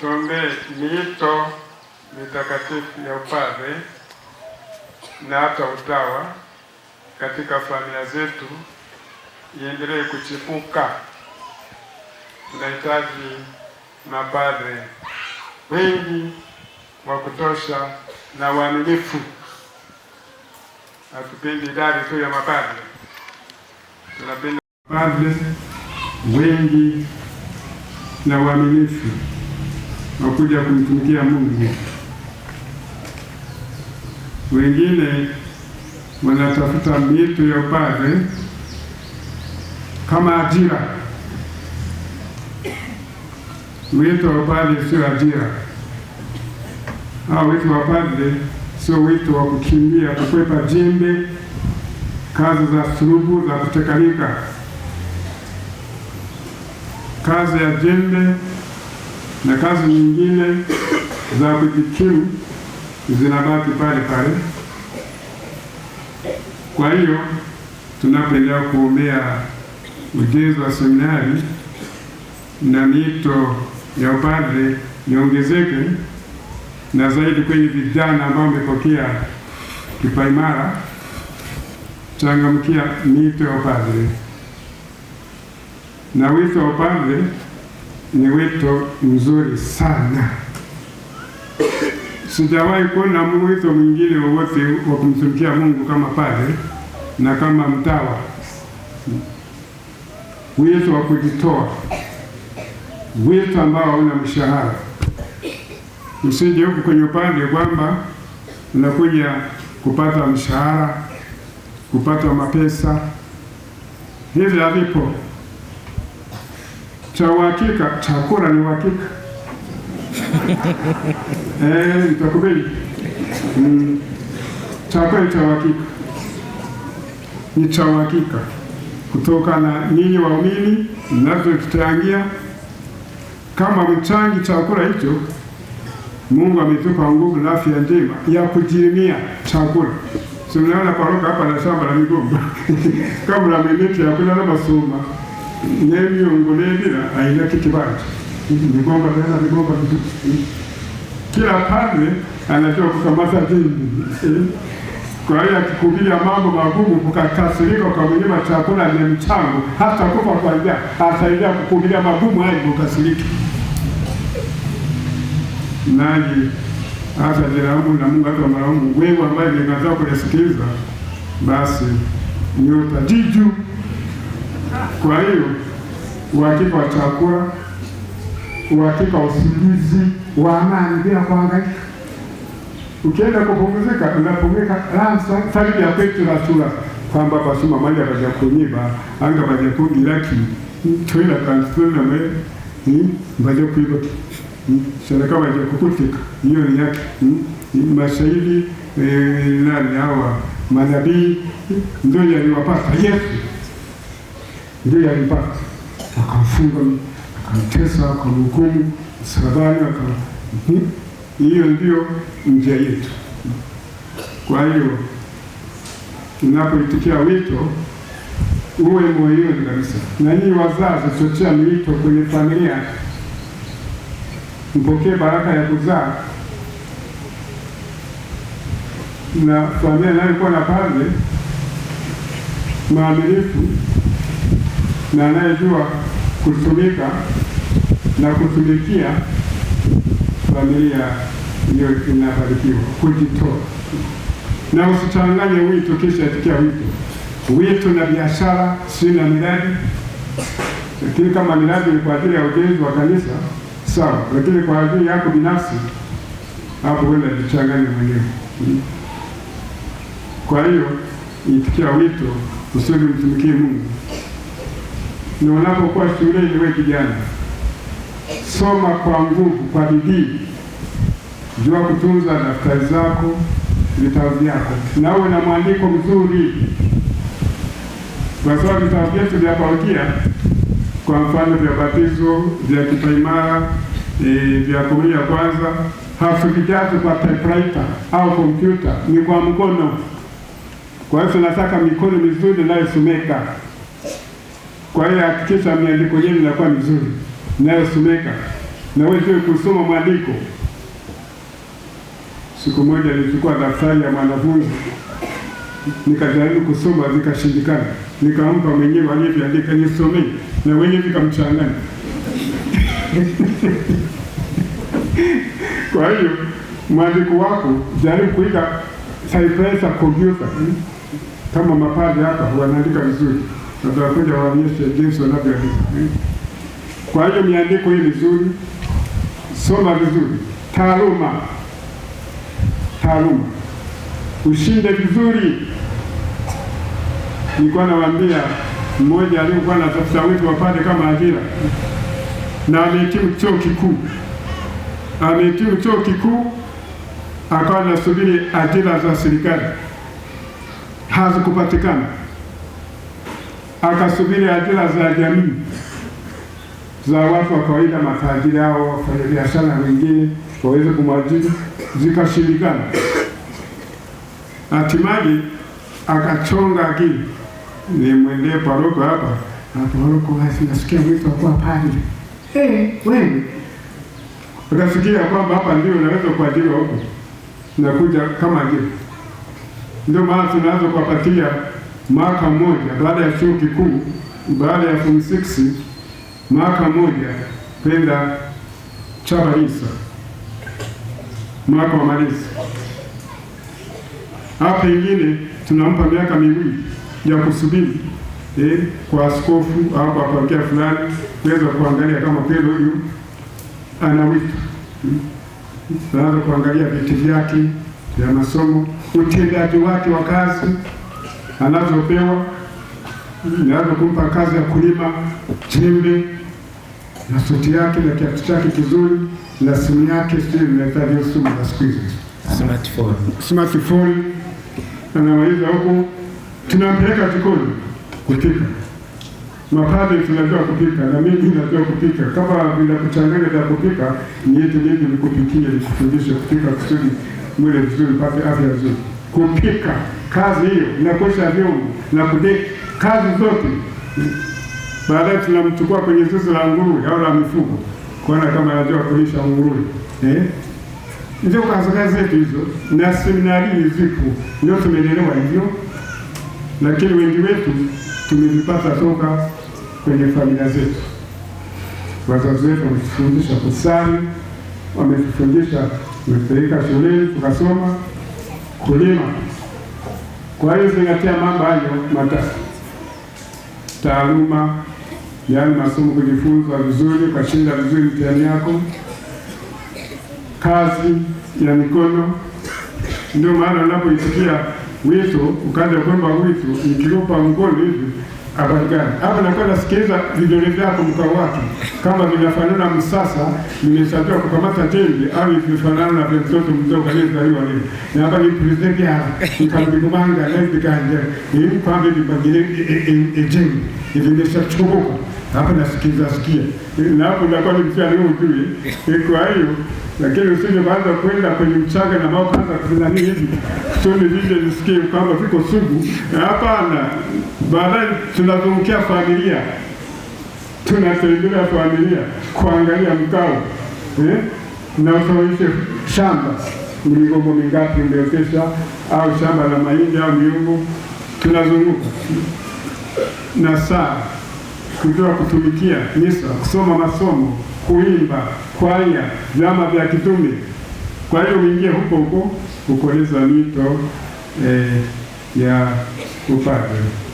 tuombee miito mitakatifu ya upadre na hata utawa katika familia zetu iendelee kuchipuka. Tunahitaji mapadre wengi wa kutosha na waaminifu. Hatupendi idadi tu ya mapadre, tunapenda mapadre wengi na waaminifu na kuja kumtumikia Mungu. Wengine wanatafuta mito ya upadre kama ajira. Wito wa upadre sio ajira, au wito wa upadre sio wito wa kukimbia kukwepa jembe, kazi za sulubu za kutekanika kazi ya jembe na kazi nyingine za kujikimu zinabaki pale pale. Kwa hiyo tunapoendelea kuombea ujenzi wa seminari na mito ya upadre iongezeke na zaidi kwenye vijana ambao wamepokea kipaimara, changamkia mito ya upadre na wito wa upadre ni wito mzuri sana. Sijawahi kuona mwito mwingine wowote wa kumtumikia Mungu kama pale na kama mtawa, wito wa kujitoa, wito ambao hauna mshahara. Usije huku kwenye upande kwamba unakuja kupata mshahara, kupata mapesa, hivi havipo cha uhakika, kura ni uhakika eh, nitakubali mm, chakula ni cha uhakika, ni cha uhakika kutoka na ninyi waumini mnazotuchangia. Kama mchangi chakula hicho, Mungu ametupa nguvu na afya njema ya kujirimia chakula. Tunaona paroka hapa na shamba la migomba la mwenyewe ya kula na masoma nemyongolelila aina kiwanja migomba tena migomba kila padre anajua kukamata dini. Kwa hiyo akikuhubiria mambo magumu, kukakasirika ukamnyima chakula ni mchango, hata kufa kwa njaa, asaidia kukuhubiria magumu hadi ukasirika. nani hata jiraumu na Mungu hata maraumu, wewe ambaye ni mazao kulisikiliza, basi nyota jiju kwa hiyo uhakika wa chakula, uhakika wa usingizi wa amani bila kuhangaika. Ukienda kupumzika, unapumzika lasa saidi ya kwetu la tula kwamba basuma maji akaja kunyiba anga baja kugilaki twila kansulame baja hmm, kuiba hmm, sereka baja kukutika hiyo ni yake hmm, mashahidi eh, nani hawa manabii ndio yaliwapata Yesu ndiye alipata, akamfunga, akamtesa, akamhukumu msalabani, aka hmm? hiyo ndiyo njia yetu. Kwa hiyo unapoitikia wito uwe moyoni kabisa. Na hii wazazi, chochea miito kwenye familia, mpokee baraka ya kuzaa na familia inayokuwa na padre maamilifu na anayejua kutumika na kutumikia familia hiyo inabarikiwa Kujitoa na usichanganye wito kisha itikia wito, wito na biashara, si na miradi. Lakini kama miradi ni kwa ajili ya ujenzi wa kanisa sawa, lakini kwa ajili yako binafsi, hapo wenda jichanganye mwenyewe. Kwa hiyo itikia wito, usije mtumikie Mungu na unapokuwa shuleni, wewe kijana, soma kwa nguvu, kwa bidii, jua kutunza daftari zako, vitabu vyako, na uwe na mwandiko mzuri, kwa sababu vitabu vyetu vya parokia, kwa mfano vya batizo, vya kipaimara, e, vya komunio ya kwanza havijazo kwa typewriter au kompyuta, ni kwa mkono. Kwa hiyo tunataka mikono mizuri inayosomeka. Kwa hiyo hakikisha miandiko yenu inakuwa mizuri inayosomeka na wewe kusoma mwandiko. Siku moja nilichukua daftari ya mwanafunzi nikajaribu kusoma zikashindikana nikampa mwenyewe alivyoandika nisomee, na wenyewe vikamchangana. Kwa hiyo mwandiko wako jaribu kuika typewriter, kompyuta. Hmm? Kama mapadri hapa wanaandika vizuri na waonyeshe jinsi wanavyoandika. Kwa hiyo miandiko hii mizuri soma vizuri, taaluma taaluma, ushinde vizuri. Nilikuwa nawaambia mmoja aliyekuwa anatafuta wito wapate kama ajira na amehitimu chuo kikuu, amehitimu chuo kikuu akawa anasubiri ajira za serikali hazikupatikana akasubiri ajira za jamii za watu wa kawaida, matajiri hao, wafanyabiashara wengine waweze kumwajiri, zikashirikana. Hatimaye akachonga akili, nimwendee paroko hapa naparoko, nasikia mwito wakuwa padri. Hey, eh, wewe akasikia kwamba hapa ndio unaweza kuajiriwa huko, nakuja kama ajira. Ndio maana tunaweza kuwapatia mwaka mmoja baada ya chuo kikuu, baada ya form 6 mwaka mmoja kwenda Chabalisa mwaka wa malezi. Hapa pengine tunampa miaka miwili ya kusubiri eh, kwa askofu au kwa parokia fulani kuweza kuangalia kama kweli huyu anawita hmm. naweza kuangalia vitu vyake vya masomo, utendaji wake wa kazi anazopewa kumpa kazi ya kulima chembe na suti yake na kiatu chake kizuri na simu yake simu na siku hizi smartphone, smartphone anamaliza huku, tunampeleka jikoni kupika. Mapadri tunajua kupika na mimi najua kupika, kama bila kuchanganya vya kupika ni yetu, nikupikie nikufundishe kupika kusudi mwele vizuri pate afya nzuri kupika, kazi hiyo na kuosha vyombo na kudeki, kazi zote. Baadaye tunamchukua kwenye zizi la nguruwe au la mifugo kuona kama anajua kulisha nguruwe eh? Ndio kazi zetu hizo, na seminari zipo, ndio tumelelewa hivyo, lakini wengi wetu tumevipata toka kwenye familia zetu. Wazazi wetu wametufundisha kusali, wametufundisha, wametupeleka shuleni tukasoma kulima. Kwa hiyo zingatia mambo hayo matatu: taaluma, yaani masomo, kujifunza vizuri, ukashinda vizuri mtihani yako; kazi ya mikono, ndio maana unapoisikia wito ukaja kwamba wito nikilipa mkono hivi habari gani hapa, nakwenda sikiliza vidole vyako mkao watu kama vinafanana msasa, nimeshatua kukamata tenge au ikifanana na vya mtoto mdogo aliyezaliwa leo, na hapa ni present ya mkambikumanga lezi kanja e, e, e, ili kwambe vibagile ejenge hivi nimeshachokoka hapa, nasikiliza sikia na hapo, nakuwa ni mtu aliyojui. Kwa hiyo lakini usije baada kwenda kwenye mchanga na mambo kaanza kufanya hivi tuni nije nisikie kwamba viko sugu. Eh, hapana, baadaye tunazungukia familia, tunasaidia familia kuangalia mkao eh, na ushawishe shamba migomo mingapi umeotesha, au shamba la mahindi au miungu. Tunazunguka na saa kujua kutumikia misa, kusoma masomo kuimba, kwaya, vyama vya kitume. Kwa hiyo uingie huko huko kukoleza mito eh, ya upadre.